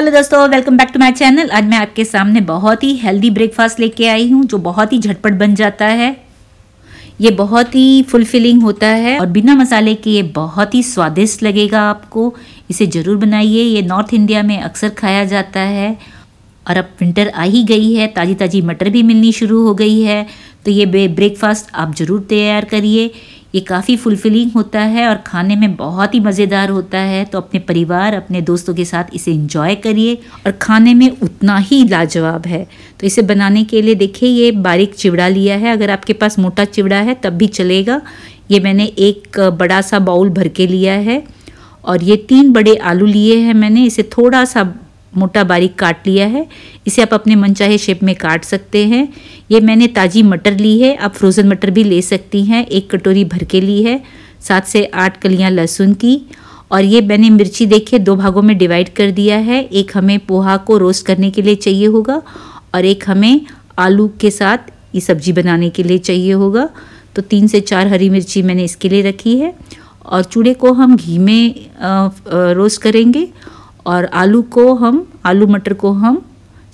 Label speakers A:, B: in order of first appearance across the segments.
A: hello दोस्तों welcome back to my channel आज मैं आपके सामने बहुत ही हेल्दी ब्रेकफास्ट लेके आई हूँ जो बहुत ही झटपट बन जाता है ये बहुत ही फुलफिलिंग होता है और बिना मसाले के ये बहुत ही स्वादिष्ट लगेगा आपको इसे ज़रूर बनाइए ये नॉर्थ इंडिया में अक्सर खाया जाता है और अब विंटर आ ही गई है ताज़ी ताज़ी मटर भी मिलनी शुरू हो गई है तो ये ब्रेकफास्ट आप ज़रूर तैयार करिए ये काफ़ी फुलफिलिंग होता है और खाने में बहुत ही मज़ेदार होता है तो अपने परिवार अपने दोस्तों के साथ इसे इंजॉय करिए और खाने में उतना ही लाजवाब है तो इसे बनाने के लिए देखिए ये बारीक चिवड़ा लिया है अगर आपके पास मोटा चिवड़ा है तब भी चलेगा ये मैंने एक बड़ा सा बाउल भर के लिया है और ये तीन बड़े आलू लिए हैं मैंने इसे थोड़ा सा मोटा बारीक काट लिया है इसे आप अपने मनचाहे शेप में काट सकते हैं ये मैंने ताज़ी मटर ली है आप फ्रोज़न मटर भी ले सकती हैं एक कटोरी भर के ली है सात से आठ कलियाँ लहसुन की और ये मैंने मिर्ची देखिए दो भागों में डिवाइड कर दिया है एक हमें पोहा को रोस्ट करने के लिए चाहिए होगा और एक हमें आलू के साथ ये सब्जी बनाने के लिए चाहिए होगा तो तीन से चार हरी मिर्ची मैंने इसके लिए रखी है और चूड़े को हम घी में रोस्ट करेंगे और आलू को हम आलू मटर को हम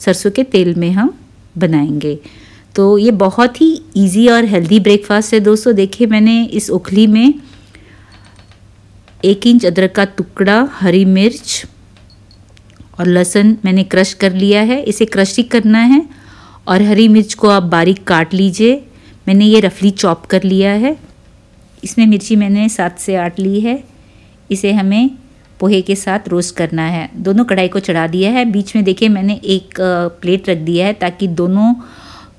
A: सरसों के तेल में हम बनाएंगे तो ये बहुत ही इजी और हेल्दी ब्रेकफास्ट है दोस्तों देखिए मैंने इस उखली में एक इंच अदरक का टुकड़ा हरी मिर्च और लहसुन मैंने क्रश कर लिया है इसे क्रश ही करना है और हरी मिर्च को आप बारीक काट लीजिए मैंने ये रफली चॉप कर लिया है इसमें मिर्ची मैंने सात से आठ ली है इसे हमें पोहे के साथ रोस्ट करना है दोनों कढ़ाई को चढ़ा दिया है बीच में देखिए मैंने एक प्लेट रख दिया है ताकि दोनों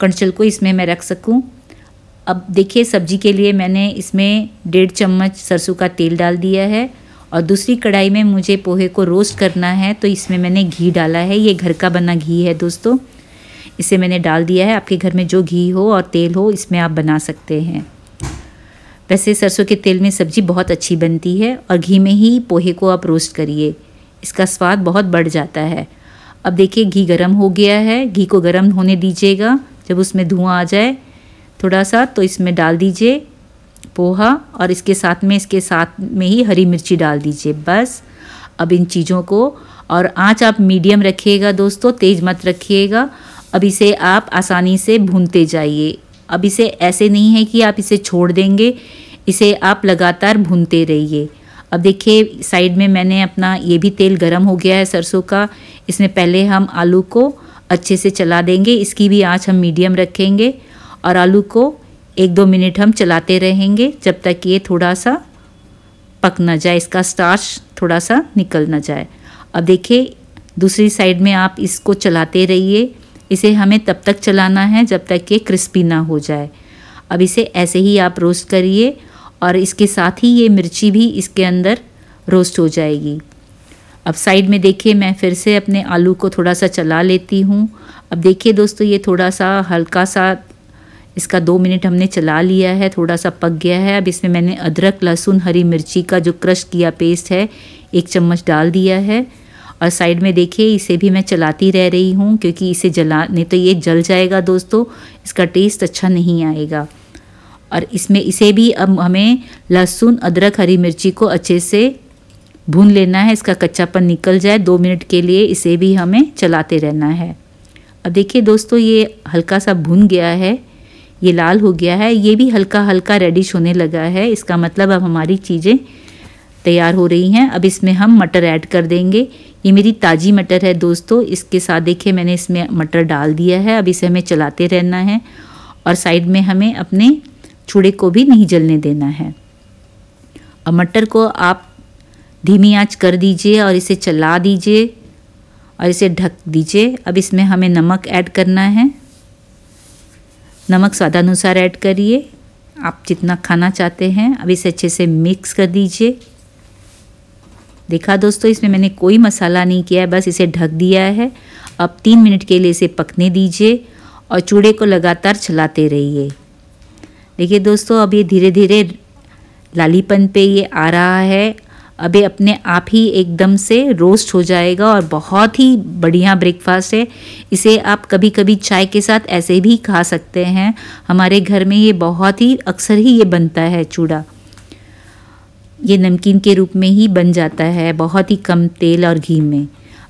A: कणचल को इसमें मैं रख सकूं अब देखिए सब्जी के लिए मैंने इसमें डेढ़ चम्मच सरसों का तेल डाल दिया है और दूसरी कढ़ाई में मुझे पोहे को रोस्ट करना है तो इसमें मैंने घी डाला है ये घर का बना घी है दोस्तों इसे मैंने डाल दिया है आपके घर में जो घी हो और तेल हो इसमें आप बना सकते हैं वैसे सरसों के तेल में सब्जी बहुत अच्छी बनती है और घी में ही पोहे को आप रोस्ट करिए इसका स्वाद बहुत बढ़ जाता है अब देखिए घी गर्म हो गया है घी को गर्म होने दीजिएगा जब उसमें धुआं आ जाए थोड़ा सा तो इसमें डाल दीजिए पोहा और इसके साथ में इसके साथ में ही हरी मिर्ची डाल दीजिए बस अब इन चीज़ों को और आँच आप मीडियम रखिएगा दोस्तों तेज़ मत रखिएगा अब इसे आप आसानी से भूनते जाइए अब इसे ऐसे नहीं है कि आप इसे छोड़ देंगे इसे आप लगातार भूनते रहिए अब देखिए साइड में मैंने अपना ये भी तेल गरम हो गया है सरसों का इसमें पहले हम आलू को अच्छे से चला देंगे इसकी भी आँच हम मीडियम रखेंगे और आलू को एक दो मिनट हम चलाते रहेंगे जब तक ये थोड़ा सा पक ना जाए इसका स्टार्च थोड़ा सा निकल ना जाए अब देखिए दूसरी साइड में आप इसको चलाते रहिए इसे हमें तब तक चलाना है जब तक ये क्रिस्पी ना हो जाए अब इसे ऐसे ही आप रोस्ट करिए और इसके साथ ही ये मिर्ची भी इसके अंदर रोस्ट हो जाएगी अब साइड में देखिए मैं फिर से अपने आलू को थोड़ा सा चला लेती हूँ अब देखिए दोस्तों ये थोड़ा सा हल्का सा इसका दो मिनट हमने चला लिया है थोड़ा सा पक गया है अब इसमें मैंने अदरक लहसुन हरी मिर्ची का जो क्रश किया पेस्ट है एक चम्मच डाल दिया है और साइड में देखिए इसे भी मैं चलाती रह रही हूँ क्योंकि इसे जला नहीं तो ये जल जाएगा दोस्तों इसका टेस्ट अच्छा नहीं आएगा और इसमें इसे भी अब हमें लहसुन अदरक हरी मिर्ची को अच्छे से भून लेना है इसका कच्चापन निकल जाए दो मिनट के लिए इसे भी हमें चलाते रहना है अब देखिए दोस्तों ये हल्का सा भून गया है ये लाल हो गया है ये भी हल्का हल्का रेडिश होने लगा है इसका मतलब अब हमारी चीज़ें तैयार हो रही हैं अब इसमें हम मटर ऐड कर देंगे ये मेरी ताज़ी मटर है दोस्तों इसके साथ देखिए मैंने इसमें मटर डाल दिया है अब इसे हमें चलाते रहना है और साइड में हमें अपने छुड़े को भी नहीं जलने देना है अब मटर को आप धीमी आंच कर दीजिए और इसे चला दीजिए और इसे ढक दीजिए अब इसमें हमें नमक ऐड करना है नमक स्वादानुसार ऐड करिए आप जितना खाना चाहते हैं अब इसे अच्छे से मिक्स कर दीजिए देखा दोस्तों इसमें मैंने कोई मसाला नहीं किया है बस इसे ढक दिया है अब तीन मिनट के लिए इसे पकने दीजिए और चूड़े को लगातार चलाते रहिए देखिए दोस्तों अब ये धीरे धीरे लालीपन पे ये आ रहा है अब ये अपने आप ही एकदम से रोस्ट हो जाएगा और बहुत ही बढ़िया ब्रेकफास्ट है इसे आप कभी कभी चाय के साथ ऐसे भी खा सकते हैं हमारे घर में ये बहुत ही अक्सर ही ये बनता है चूड़ा ये नमकीन के रूप में ही बन जाता है बहुत ही कम तेल और घी में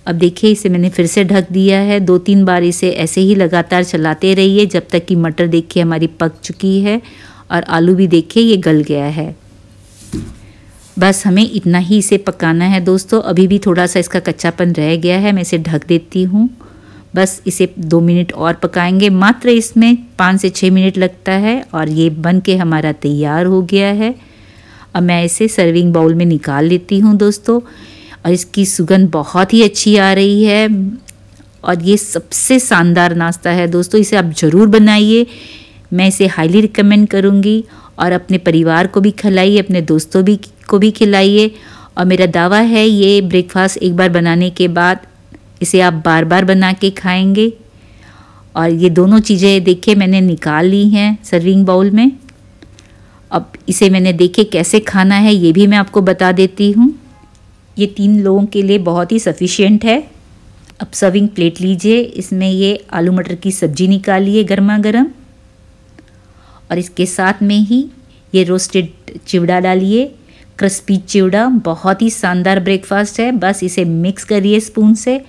A: अब देखिए इसे मैंने फिर से ढक दिया है दो तीन बार इसे ऐसे ही लगातार चलाते रहिए जब तक कि मटर देखिए हमारी पक चुकी है और आलू भी देखिए ये गल गया है बस हमें इतना ही इसे पकाना है दोस्तों अभी भी थोड़ा सा इसका कच्चापन रह गया है मैं इसे ढक देती हूँ बस इसे दो मिनट और पकाएंगे मात्र इसमें पाँच से छः मिनट लगता है और ये बन के हमारा तैयार हो गया है अब मैं इसे सर्विंग बाउल में निकाल लेती हूँ दोस्तों और इसकी सुगंध बहुत ही अच्छी आ रही है और ये सबसे शानदार नाश्ता है दोस्तों इसे आप ज़रूर बनाइए मैं इसे हाईली रिकमेंड करूँगी और अपने परिवार को भी खिलाइए अपने दोस्तों भी को भी खिलाइए और मेरा दावा है ये ब्रेकफास्ट एक बार बनाने के बाद इसे आप बार बार बना के खाएंगे और ये दोनों चीज़ें देखिए मैंने निकाल ली हैं सर्विंग बाउल में अब इसे मैंने देखे कैसे खाना है ये भी मैं आपको बता देती हूँ ये तीन लोगों के लिए बहुत ही सफिशियंट है अब सर्विंग प्लेट लीजिए इसमें ये आलू मटर की सब्जी निकालिए गर्मा गर्म और इसके साथ में ही ये रोस्टेड चिवड़ा डालिए क्रिस्पी चिवड़ा बहुत ही शानदार ब्रेकफास्ट है बस इसे मिक्स करिए स्पून से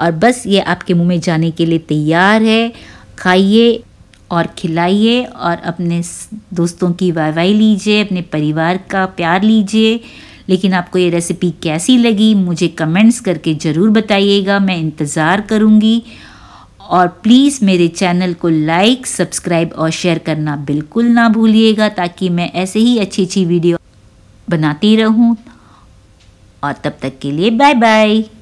A: और बस ये आपके मुंह में जाने के लिए तैयार है खाइए और खिलाइए और अपने दोस्तों की वाई वाई लीजिए अपने परिवार का प्यार लीजिए लेकिन आपको ये रेसिपी कैसी लगी मुझे कमेंट्स करके ज़रूर बताइएगा मैं इंतज़ार करूँगी और प्लीज़ मेरे चैनल को लाइक सब्सक्राइब और शेयर करना बिल्कुल ना भूलिएगा ताकि मैं ऐसे ही अच्छी अच्छी वीडियो बनाती रहूँ और तब तक के लिए बाय बाय